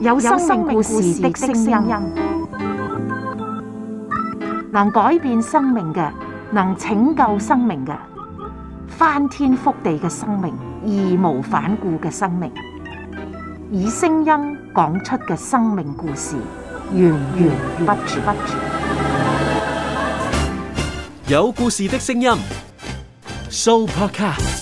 有生命故事的聲音，能改變生命嘅，能拯救生命嘅，翻天覆地嘅生命，義無反顧嘅生命，以聲音講出嘅生命故事，源源不絕。有故事的聲音，Supercar。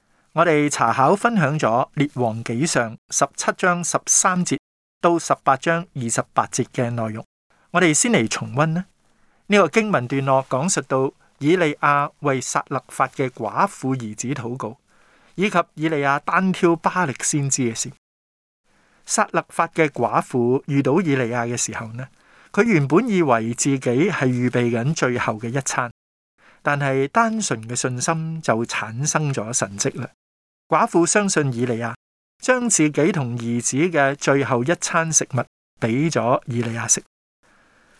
我哋查考分享咗列王紀上十七章十三節到十八章二十八節嘅內容，我哋先嚟重溫啦。呢、這個經文段落講述到以利亞為撒勒法嘅寡婦兒子禱告，以及以利亞單挑巴力先知嘅事。撒勒法嘅寡婦遇到以利亞嘅時候呢，佢原本以為自己係預備緊最後嘅一餐，但係單純嘅信心就產生咗神蹟嘞。寡婦相信以利亞，將自己同兒子嘅最後一餐食物俾咗以利亞食。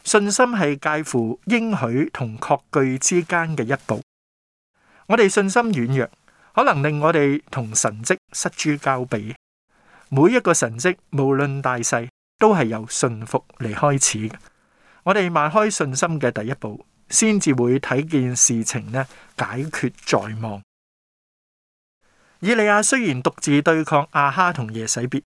信心係介乎應許同確據之間嘅一步。我哋信心軟弱，可能令我哋同神蹟失諸交臂。每一個神蹟，無論大細，都係由信服嚟開始。我哋邁開信心嘅第一步，先至會睇件事情呢解決在望。以利亞雖然獨自對抗亞哈同耶洗別，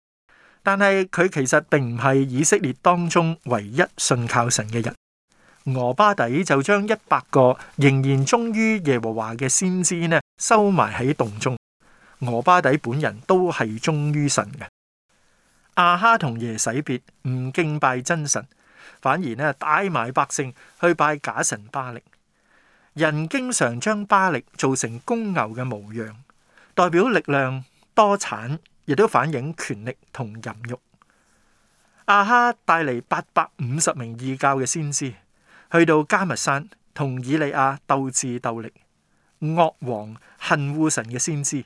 但係佢其實並唔係以色列當中唯一信靠神嘅人。俄巴底就將一百個仍然忠於耶和華嘅先知呢收埋喺洞中。俄巴底本人都係忠於神嘅。亞哈同耶洗別唔敬拜真神，反而呢帶埋百姓去拜假神巴力。人經常將巴力做成公牛嘅模樣。代表力量多產，亦都反映權力同淫欲。阿哈帶嚟八百五十名異教嘅先知去到加密山同以利亞鬥智鬥力。惡王惡王恨惡神嘅先知，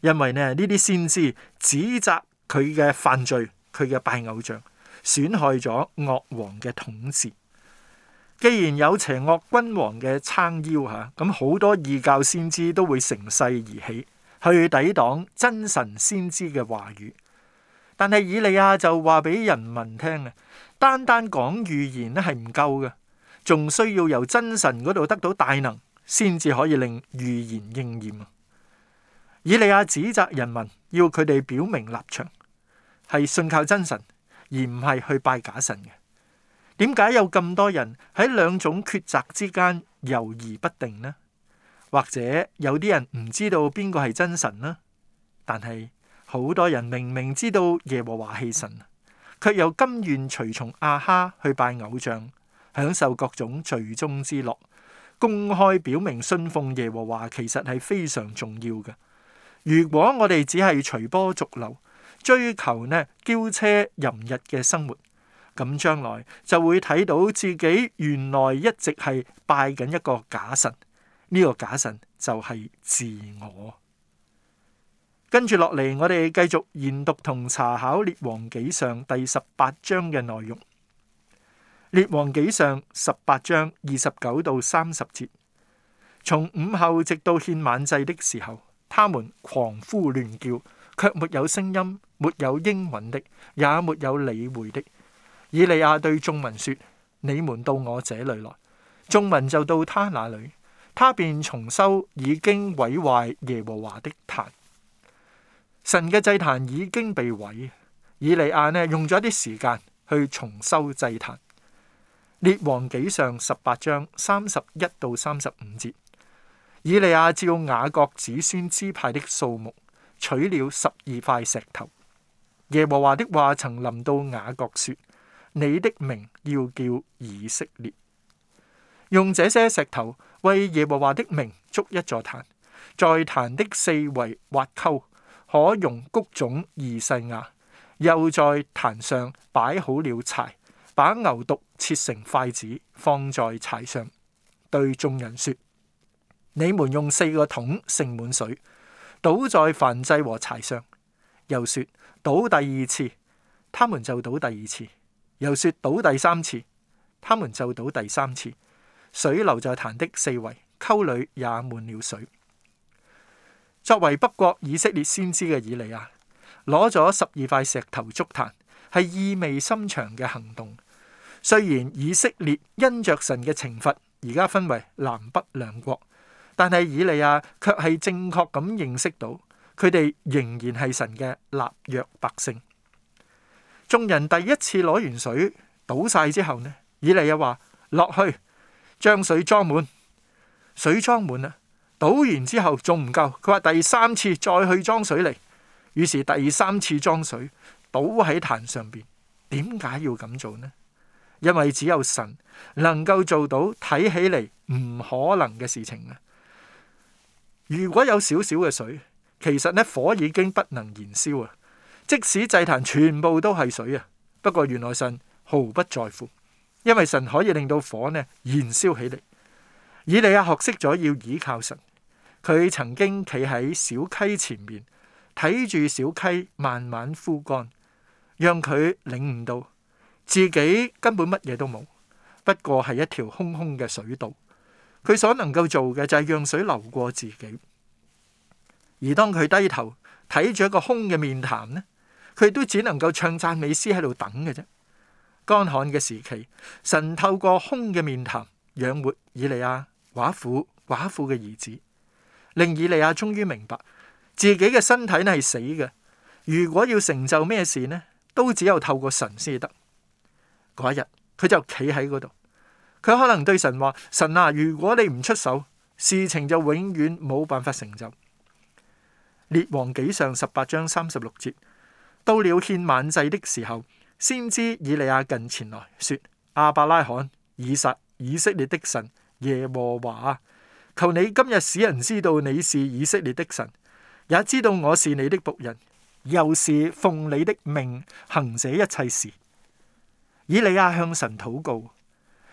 因為呢呢啲先知指責佢嘅犯罪，佢嘅拜偶像損害咗惡王嘅統治。既然有邪惡君王嘅撐腰吓，咁、啊、好多異教先知都會乘勢而起。去抵擋真神先知嘅話語，但係以利亞就話俾人民聽啊，單單講預言咧係唔夠嘅，仲需要由真神嗰度得到大能，先至可以令預言應驗啊！以利亞指責人民，要佢哋表明立場，係信靠真神，而唔係去拜假神嘅。點解有咁多人喺兩種抉擇之間猶豫不定呢？或者有啲人唔知道邊個係真神呢，但係好多人明明知道耶和華係神，卻又甘願隨從亞哈去拜偶像，享受各種罪中之樂。公開表明信奉耶和華其實係非常重要嘅。如果我哋只係隨波逐流，追求呢驕奢淫逸嘅生活，咁將來就會睇到自己原來一直係拜緊一個假神。呢個假神就係自我。跟住落嚟，我哋繼續研讀同查考列《列王紀上》第十八章嘅內容。《列王紀上》十八章二十九到三十節。從午後直到獻晚祭的時候，他們狂呼亂叫，卻沒有聲音，沒有應允的，也沒有理會的。以利亞對眾民說，你們到我這裏來。眾民就到他那裏。他便重修已經毀壞耶和華的壇。神嘅祭壇已經被毀，以利亞呢用咗一啲時間去重修祭壇。列王紀上十八章三十一到三十五節，以利亞照雅各子孫支派的數目取了十二塊石頭。耶和華的話曾臨到雅各說：你的名要叫以色列。用這些石頭。為耶和華的名築一座壇，在壇的四圍挖溝，可容穀種二細亞。又在壇上擺好了柴，把牛犢切成塊子放在柴上，對眾人說：你們用四個桶盛滿水，倒在燔祭和柴上。又說：倒第二次，他們就倒第二次；又說：倒第三次，他們就倒第三次。水流在壇的四圍溝裏也滿了水。作為北國以色列先知嘅以利亞，攞咗十二塊石頭築壇，係意味深長嘅行動。雖然以色列因着神嘅懲罰而家分為南北兩國，但係以利亞卻係正確咁認識到佢哋仍然係神嘅立約百姓。眾人第一次攞完水倒晒之後呢，以利亞話落去。將水裝滿，水裝滿啦，倒完之後仲唔夠？佢話第三次再去裝水嚟，於是第三次裝水倒喺壇上邊。點解要咁做呢？因為只有神能夠做到睇起嚟唔可能嘅事情啊！如果有少少嘅水，其實呢火已經不能燃燒啊。即使祭壇全部都係水啊，不過原來神毫不在乎。因為神可以令到火呢燃燒起嚟，以利亞學識咗要倚靠神。佢曾經企喺小溪前面，睇住小溪慢慢枯乾，讓佢領悟到自己根本乜嘢都冇，不過係一條空空嘅水道。佢所能夠做嘅就係讓水流過自己。而當佢低頭睇住一個空嘅麵壇呢，佢都只能夠唱讚美詩喺度等嘅啫。乾旱嘅時期，神透過空嘅面談養活以利亞、寡婦、寡婦嘅兒子，令以利亞終於明白自己嘅身體呢係死嘅。如果要成就咩事呢，都只有透過神先得。嗰一日，佢就企喺嗰度，佢可能對神話：神啊，如果你唔出手，事情就永遠冇辦法成就。列王紀上十八章三十六節，到了獻晚祭的時候。先知以利亞近前來說：亞伯拉罕，以撒、以色列的神耶和華啊，求你今日使人知道你是以色列的神，也知道我是你的僕人，又是奉你的命行這一切事。以利亞向神禱告，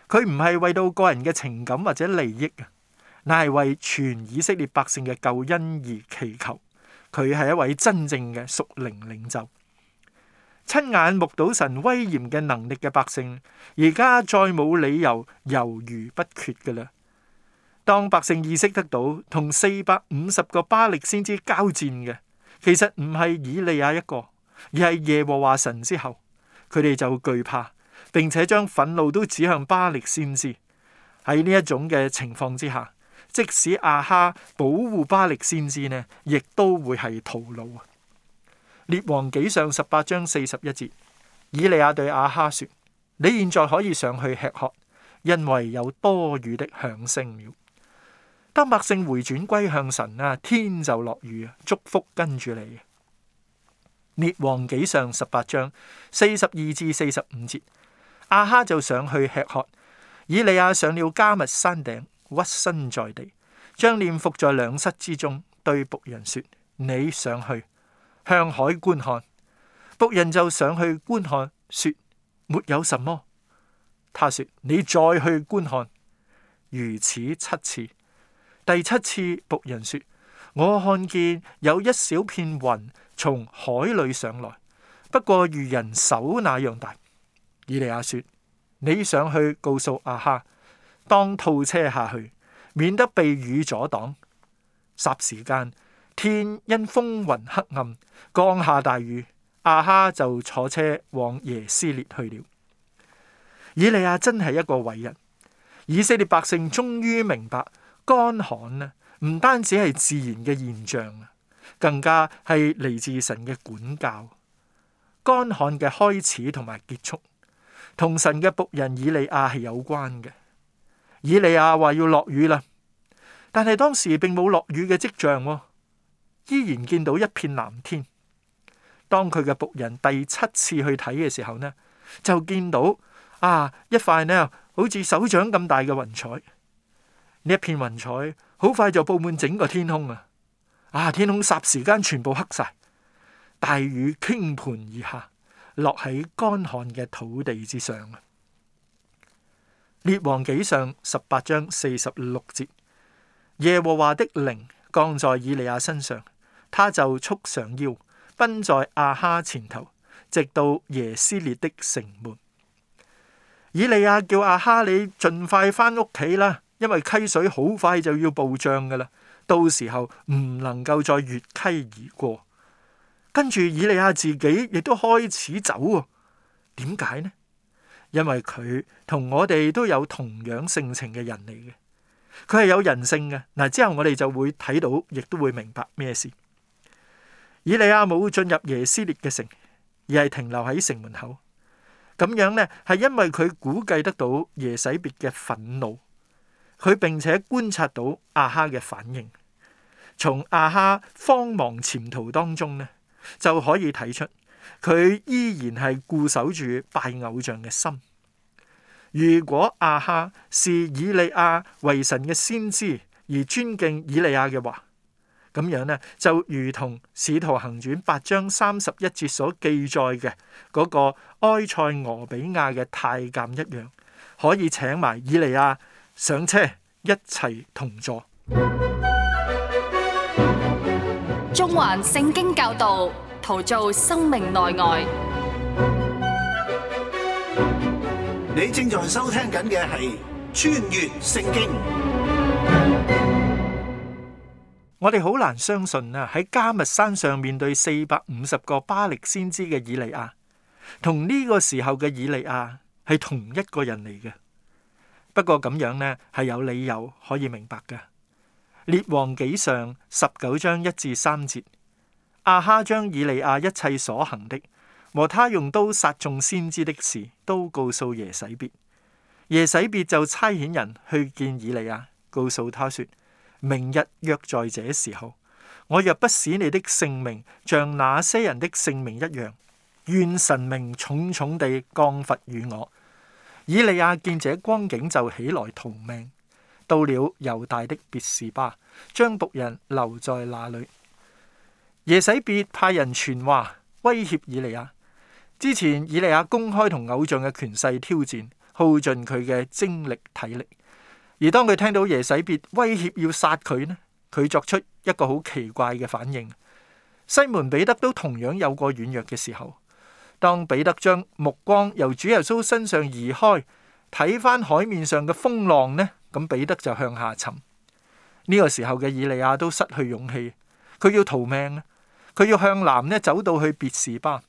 佢唔係為到個人嘅情感或者利益啊，乃係為全以色列百姓嘅救恩而祈求。佢係一位真正嘅屬靈領袖。親眼目睹神威嚴嘅能力嘅百姓，而家再冇理由猶豫不決㗎喇。當百姓意識得到同四百五十個巴力先知交戰嘅，其實唔係以利亞一個，而係耶和華神之後，佢哋就懼怕，並且將憤怒都指向巴力先知。喺呢一種嘅情況之下，即使亞哈保護巴力先知呢，亦都會係徒勞啊。列王紀上十八章四十一節，以利亞對阿哈說：你現在可以上去吃喝，因為有多雨的響聲了。當百姓回轉歸向神啊，天就落雨啊，祝福跟住你。列王紀上十八章四十二至四十五節，阿哈就上去吃喝。以利亞上了加密山頂，屈身在地，將臉伏在兩膝之中，對僕人說：你上去，向海觀看，僕人就上去觀看，說：沒有什麼。他說：你再去觀看，如此七次。第七次，僕人說：我看見有一小片雲從海裏上來，不過如人手那樣大。以利亞說：你上去告訴阿哈，當套車下去，免得被雨阻擋。霎時間。天因風雲黑暗，降下大雨。阿哈就坐車往耶斯列去了。以利亞真係一個偉人。以色列百姓終於明白，乾旱呢唔單止係自然嘅現象啊，更加係嚟自神嘅管教。乾旱嘅開始同埋結束，同神嘅僕人以利亞係有關嘅。以利亞話要落雨啦，但係當時並冇落雨嘅跡象喎。依然見到一片藍天。當佢嘅僕人第七次去睇嘅時候呢，就見到啊一塊呢，好似手掌咁大嘅雲彩。呢一片雲彩好快就布滿整個天空啊！啊，天空霎時間全部黑晒，大雨傾盆而下，落喺乾旱嘅土地之上啊！列王紀上十八章四十六節，耶和華的靈降在以利亞身上。他就束上腰，奔在阿哈前頭，直到耶斯列的城門。以利亞叫阿哈，你盡快翻屋企啦，因為溪水好快就要暴漲噶啦，到時候唔能夠再越溪而過。跟住以利亞自己亦都開始走啊、哦？點解呢？因為佢同我哋都有同樣性情嘅人嚟嘅，佢係有人性嘅嗱。之後我哋就會睇到，亦都會明白咩事。以利亞冇進入耶斯列嘅城，而係停留喺城門口。咁樣呢，係因為佢估計得到耶洗別嘅憤怒，佢並且觀察到阿哈嘅反應。從阿哈慌忙潛逃當中呢，就可以睇出佢依然係固守住拜偶像嘅心。如果阿哈視以利亞為神嘅先知，而尊敬以利亞嘅話，咁樣呢，就如同《使徒行傳》八章三十一節所記載嘅嗰個埃塞俄比亞嘅太監一樣，可以請埋以利亞上車，一齊同坐。中環聖經教導，陶造生命內外。你正在收聽緊嘅係《穿越聖經》。我哋好難相信啊！喺迦密山上面對四百五十個巴力先知嘅以利亞，同呢個時候嘅以利亞係同一個人嚟嘅。不過咁樣呢，係有理由可以明白嘅。列王紀上十九章一至三節，亞哈將以利亞一切所行的和他用刀殺中先知的事，都告訴耶洗別。耶洗別就差遣人去見以利亞，告訴他說。明日約在這時候，我若不使你的性命像那些人的性命一樣，願神明重重地降罰與我。以利亞見這光景就起來逃命，到了猶大的別是巴，將僕人留在那裏。耶洗別派人傳話威脅以利亞。之前以利亞公開同偶像嘅權勢挑戰，耗盡佢嘅精力體力。而當佢聽到耶洗別威脅要殺佢呢，佢作出一個好奇怪嘅反應。西門彼得都同樣有過軟弱嘅時候。當彼得將目光由主耶穌身上移開，睇返海面上嘅風浪呢，咁彼得就向下沉。呢、這個時候嘅以利亞都失去勇氣，佢要逃命，佢要向南呢，走到去別是巴。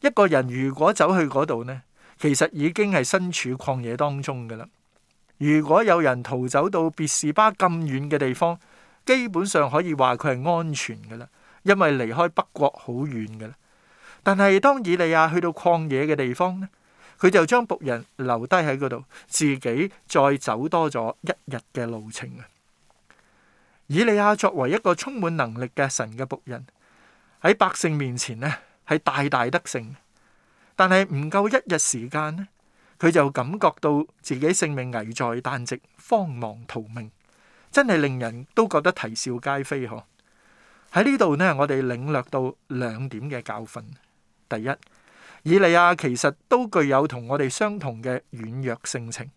一個人如果走去嗰度呢，其實已經係身處曠野當中㗎喇。如果有人逃走到別士巴咁遠嘅地方，基本上可以話佢係安全嘅啦，因為離開北國好遠嘅啦。但係當以利亞去到曠野嘅地方咧，佢就將僕人留低喺嗰度，自己再走多咗一日嘅路程啊！以利亞作為一個充滿能力嘅神嘅僕人，喺百姓面前呢係大大得勝，但係唔夠一日時間咧。佢就感覺到自己性命危在旦夕，慌忙逃命，真係令人都覺得啼笑皆非呵！喺呢度呢我哋領略到兩點嘅教訓。第一，以利亞其實都具有同我哋相同嘅軟弱性情。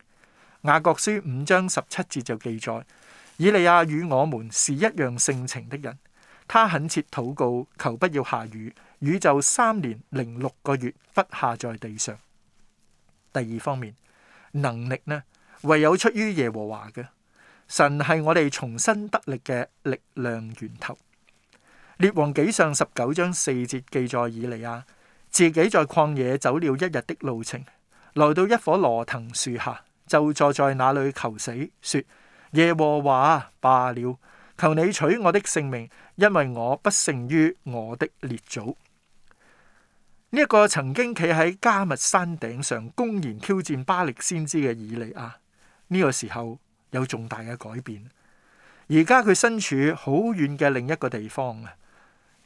雅各書五章十七節就記載：以利亞與我們是一樣性情的人，他懇切禱告，求不要下雨，雨就三年零六個月不下在地上。第二方面能力呢，唯有出於耶和華嘅神係我哋重新得力嘅力量源頭。列王紀上十九章四節記載，以利亞，自己在曠野走了一日的路程，來到一棵羅藤樹下，就坐在那裏求死，說：耶和華啊，罷了，求你取我的性命，因為我不勝於我的列祖。呢一個曾經企喺加密山頂上公然挑戰巴力先知嘅以利亞，呢個時候有重大嘅改變。而家佢身處好遠嘅另一個地方啊，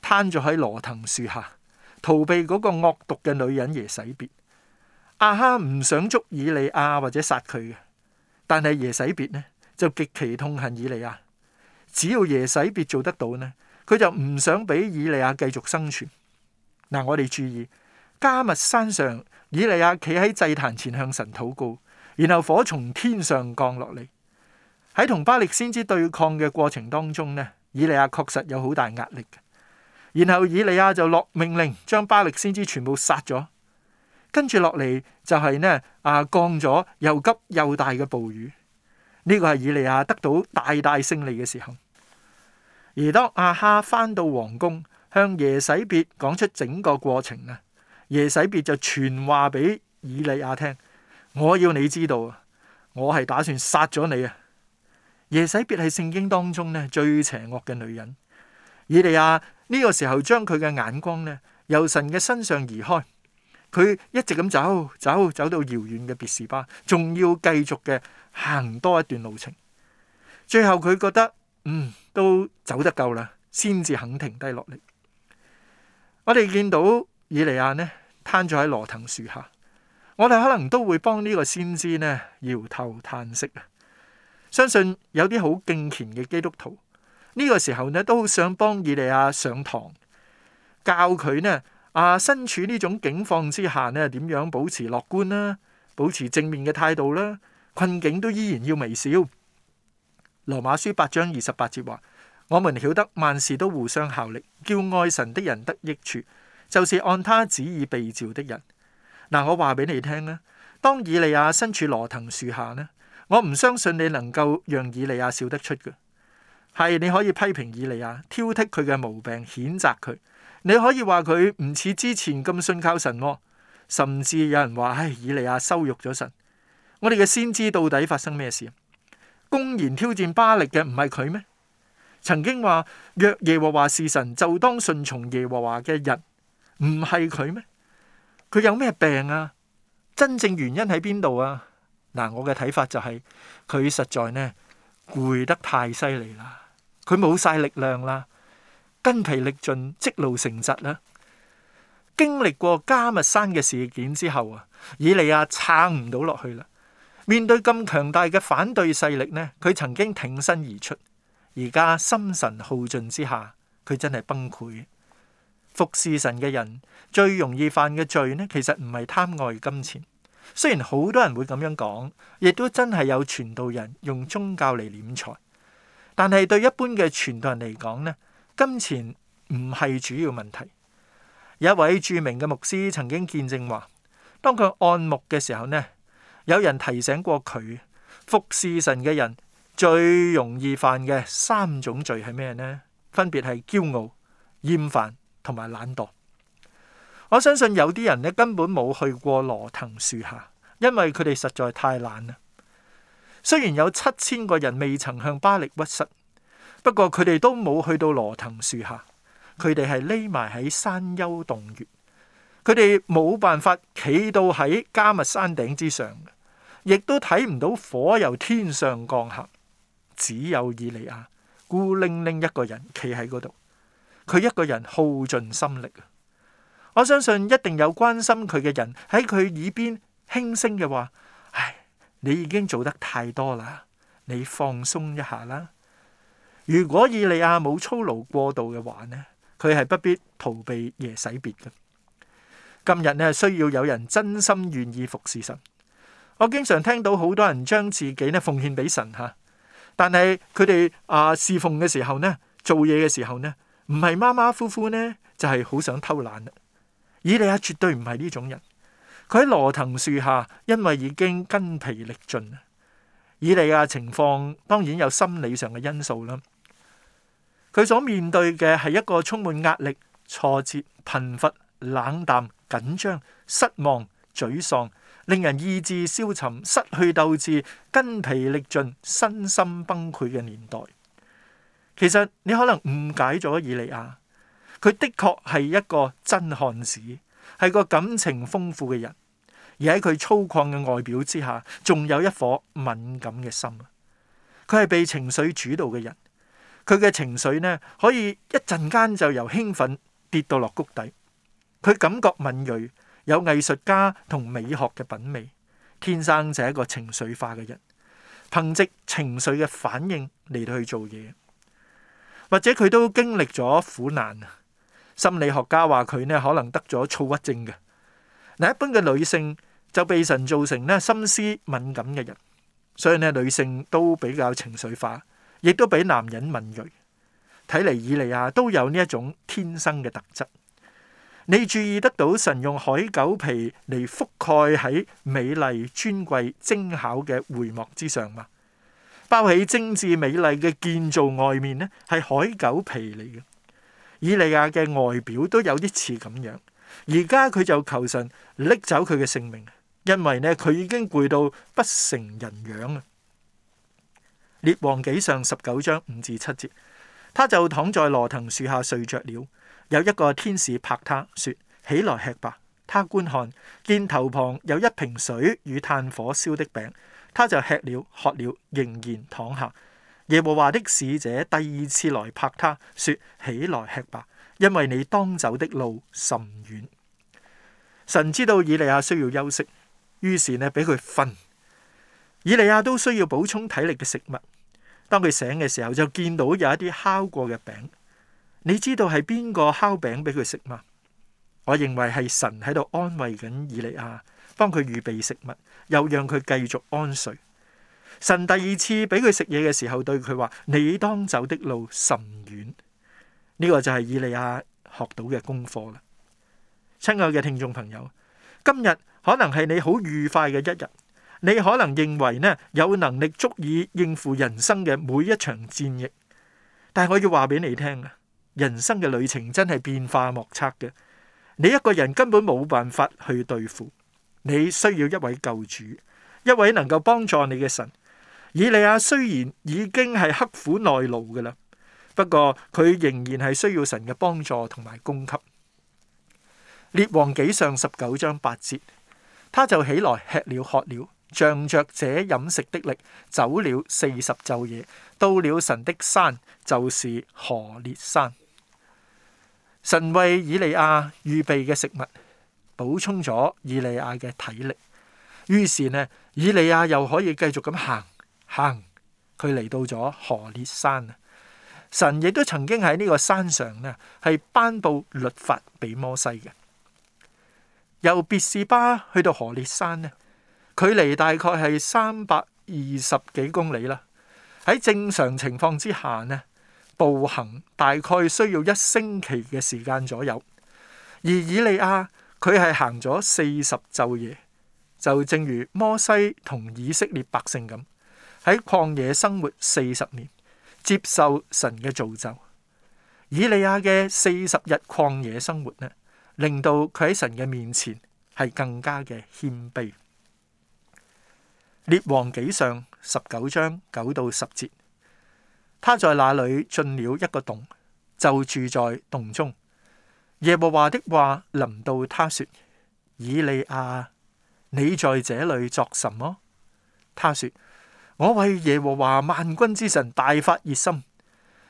癱咗喺羅藤樹下，逃避嗰個惡毒嘅女人耶洗別。亞哈唔想捉以利亞或者殺佢嘅，但係耶洗別呢就極其痛恨以利亞，只要耶洗別做得到呢，佢就唔想俾以利亞繼續生存。嗱，我哋注意迦密山上以利亞企喺祭壇前向神禱告，然後火從天上降落嚟。喺同巴力先知對抗嘅過程當中呢，以利亞確實有好大壓力，然後以利亞就落命令，將巴力先知全部殺咗。跟住落嚟就係呢啊降咗又急又大嘅暴雨。呢個係以利亞得到大大勝利嘅時候。而當亞哈返到皇宮。向耶洗別講出整個過程啊！耶洗別就傳話俾以利亞聽我要你知道啊，我係打算殺咗你啊！耶洗別係聖經當中呢，最邪惡嘅女人。以利亞呢個時候將佢嘅眼光呢由神嘅身上移開，佢一直咁走走走到遙遠嘅別士巴，仲要繼續嘅行多一段路程。最後佢覺得嗯都走得夠啦，先至肯停低落嚟。我哋見到以利亞呢，攤咗喺羅藤樹下，我哋可能都會幫呢個先知呢搖頭嘆息啊！相信有啲好敬虔嘅基督徒呢、呢個時候呢，都想幫以利亞上堂，教佢呢啊身處呢種境況之下呢，點樣保持樂觀啦、啊，保持正面嘅態度啦、啊，困境都依然要微笑。羅馬書八章二十八節話。我們曉得萬事都互相效力，叫愛神的人得益處，就是按他旨意被召的人。嗱，我話俾你聽啦，當以利亞身處羅藤樹下呢，我唔相信你能夠讓以利亞笑得出嘅。係你可以批評以利亞，挑剔佢嘅毛病，譴責佢。你可以話佢唔似之前咁信靠神，哦，甚至有人話：唉，哎，以利亞羞辱咗神。我哋嘅先知到底發生咩事啊？公然挑戰巴力嘅唔係佢咩？曾經話若耶和華是神，就當順從耶和華嘅人，唔係佢咩？佢有咩病啊？真正原因喺邊度啊？嗱，我嘅睇法就係、是、佢實在呢攰得太犀利啦，佢冇晒力量啦，筋疲力盡，積勞成疾啦。經歷過迦密山嘅事件之後啊，以利亞撐唔到落去啦。面對咁強大嘅反對勢力呢，佢曾經挺身而出。而家心神耗盡之下，佢真係崩潰。服侍神嘅人最容易犯嘅罪呢，其實唔係貪愛金錢，雖然好多人會咁樣講，亦都真係有傳道人用宗教嚟斂財。但係對一般嘅傳道人嚟講呢，金錢唔係主要問題。有一位著名嘅牧師曾經見證話，當佢按牧嘅時候呢，有人提醒過佢，服侍神嘅人。最容易犯嘅三種罪係咩呢？分別係驕傲、厭煩同埋懶惰。我相信有啲人咧根本冇去過羅藤樹下，因為佢哋實在太懶啦。雖然有七千個人未曾向巴力屈膝，不過佢哋都冇去到羅藤樹下，佢哋係匿埋喺山丘洞穴。佢哋冇辦法企到喺加密山頂之上，亦都睇唔到火由天上降下。只有以利亞孤零零一個人企喺嗰度，佢一個人耗盡心力。我相信一定有關心佢嘅人喺佢耳邊輕聲嘅話，唉，你已經做得太多啦，你放鬆一下啦。如果以利亞冇操勞過度嘅話呢，佢係不必逃避耶洗別嘅。今日呢，需要有人真心願意服侍神。我經常聽到好多人將自己呢奉獻俾神吓。但係佢哋啊，侍奉嘅時候呢，做嘢嘅時候呢，唔係馬馬虎虎呢，就係好想偷懶啦。以利亞絕對唔係呢種人。佢喺羅騰樹下，因為已經筋疲力盡。以利亞情況當然有心理上嘅因素啦。佢所面對嘅係一個充滿壓力、挫折、貧乏、冷淡、緊張、失望、沮喪，令人意志消沉、失去鬥志、筋疲力盡、身心崩潰嘅年代，其實你可能誤解咗以利亞。佢的確係一個真漢子，係個感情豐富嘅人，而喺佢粗獷嘅外表之下，仲有一顆敏感嘅心。佢係被情緒主導嘅人，佢嘅情緒呢，可以一陣間就由興奮跌到落谷底。佢感覺敏鋭。有藝術家同美學嘅品味，天生就係一個情緒化嘅人，憑藉情緒嘅反應嚟到去做嘢，或者佢都經歷咗苦難啊。心理學家話佢呢可能得咗躁鬱症嘅。嗱，一般嘅女性就被神造成呢心思敏感嘅人，所以呢女性都比較情緒化，亦都比男人敏銳。睇嚟以嚟啊，都有呢一種天生嘅特質。你注意得到神用海狗皮嚟覆蓋喺美麗尊貴精巧嘅帷幕之上嗎？包起精致美麗嘅建造外面，呢係海狗皮嚟嘅。以利亞嘅外表都有啲似咁樣。而家佢就求神拎走佢嘅性命，因為呢，佢已經攰到不成人樣啊！列王紀上十九章五至七節，他就躺在羅藤樹下睡着了。有一個天使拍他，說：起來吃吧。他觀看，見頭旁有一瓶水與炭火燒的餅，他就吃了，喝了，仍然躺下。耶和華的使者第二次來拍他，說：起來吃吧，因為你當走的路甚遠。神知道以利亞需要休息，於是呢俾佢瞓。以利亞都需要補充體力嘅食物。當佢醒嘅時候，就見到有一啲烤過嘅餅。你知道係邊個烤餅俾佢食嗎？我認為係神喺度安慰緊以利亞，幫佢預備食物，又讓佢繼續安睡。神第二次俾佢食嘢嘅時候，對佢話：你當走的路甚遠。呢個就係以利亞學到嘅功課啦。親愛嘅聽眾朋友，今日可能係你好愉快嘅一日，你可能認為呢有能力足以應付人生嘅每一場戰役，但係我要話俾你聽人生嘅旅程真係變化莫測嘅，你一個人根本冇辦法去對付，你需要一位救主，一位能夠幫助你嘅神。以利亞雖然已經係刻苦耐勞嘅啦，不過佢仍然係需要神嘅幫助同埋供給。列王紀上十九章八節，他就起來吃了喝了，仗着這飲食的力，走了四十晝夜，到了神的山，就是何列山。神為以利亞預備嘅食物，補充咗以利亞嘅體力，於是呢，以利亞又可以繼續咁行行，佢嚟到咗何烈山。神亦都曾經喺呢個山上呢，係頒布律法俾摩西嘅。由別士巴去到何烈山呢，距離大概係三百二十幾公里啦。喺正常情況之下呢，步行大概需要一星期嘅時間左右，而以利亞佢係行咗四十晝夜，就正如摩西同以色列百姓咁，喺曠野生活四十年，接受神嘅造就。以利亞嘅四十日曠野生活呢，令到佢喺神嘅面前係更加嘅謙卑。列王紀上十九章九到十節。他在那裏進了一個洞，就住在洞中。耶和華的話臨到他說：以利亞，你在這裏作什麼、哦？他說：我為耶和華萬軍之神大發熱心，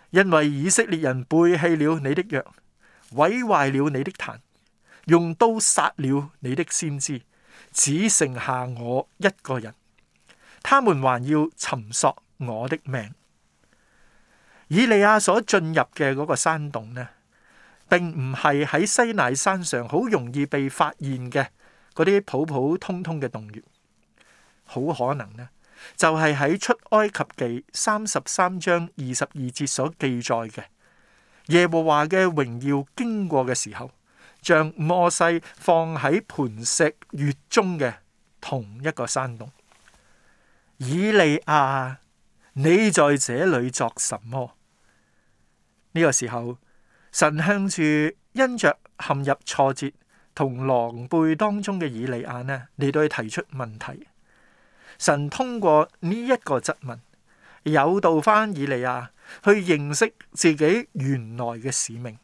因為以色列人背棄了你的約，毀壞了你的壇，用刀殺了你的先知，只剩下我一個人。他們還要尋索我的命。以利亞所進入嘅嗰個山洞呢，並唔係喺西奈山上好容易被發現嘅嗰啲普普通通嘅洞穴，好可能呢就係、是、喺出埃及記三十三章二十二節所記載嘅耶和華嘅榮耀經過嘅時候，將摩西放喺磐石穴中嘅同一個山洞。以利亞，你喺這裡作什麼？呢個時候，神向住因着陷入挫折同狼狽當中嘅以利亞呢，嚟到去提出問題。神通過呢一個質問，誘導翻以利亞去認識自己原來嘅使命。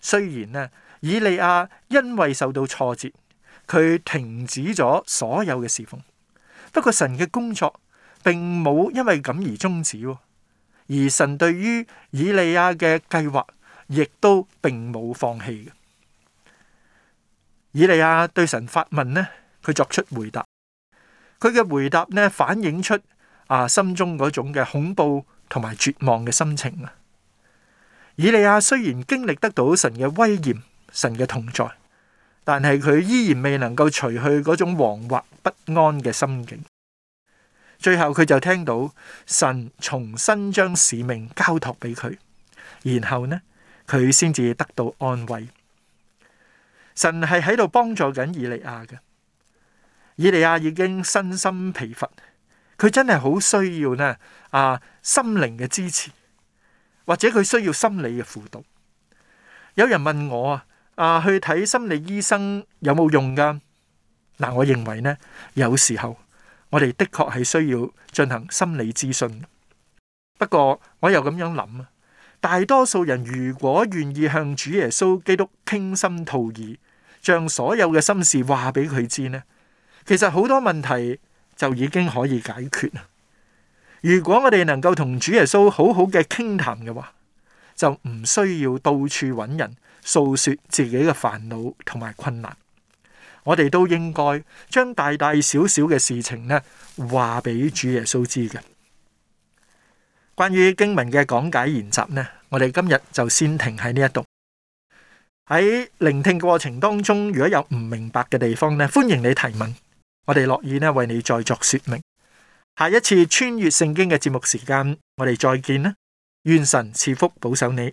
雖然呢，以利亞因為受到挫折，佢停止咗所有嘅侍奉，不過神嘅工作並冇因為咁而終止。而神對於以利亞嘅計劃，亦都並冇放棄嘅。以利亞對神發問呢，佢作出回答。佢嘅回答呢，反映出啊心中嗰種嘅恐怖同埋絕望嘅心情啊。以利亞雖然經歷得到神嘅威嚴、神嘅同在，但係佢依然未能夠除去嗰種惶惑不安嘅心境。最後佢就聽到神重新將使命交託俾佢，然後呢佢先至得到安慰。神係喺度幫助緊以利亞嘅，以利亞已經身心疲乏，佢真係好需要呢啊心靈嘅支持，或者佢需要心理嘅輔導。有人問我啊，啊，去睇心理醫生有冇用㗎？嗱，啊，我認為呢，有時候。我哋的確係需要進行心理諮詢，不過我又咁樣諗啊，大多數人如果願意向主耶穌基督傾心吐意，將所有嘅心事話俾佢知呢，其實好多問題就已經可以解決啦！如果我哋能夠同主耶穌好好嘅傾談嘅話，就唔需要到處揾人訴說自己嘅煩惱同埋困難。我哋都應該將大大小小嘅事情呢，話俾主耶穌知嘅。關於經文嘅講解研習呢，我哋今日就先停喺呢一度。喺聆聽過程當中，如果有唔明白嘅地方呢，歡迎你提問，我哋樂意呢為你再作說明。下一次穿越聖經嘅節目時間，我哋再見啦。願神賜福保守你。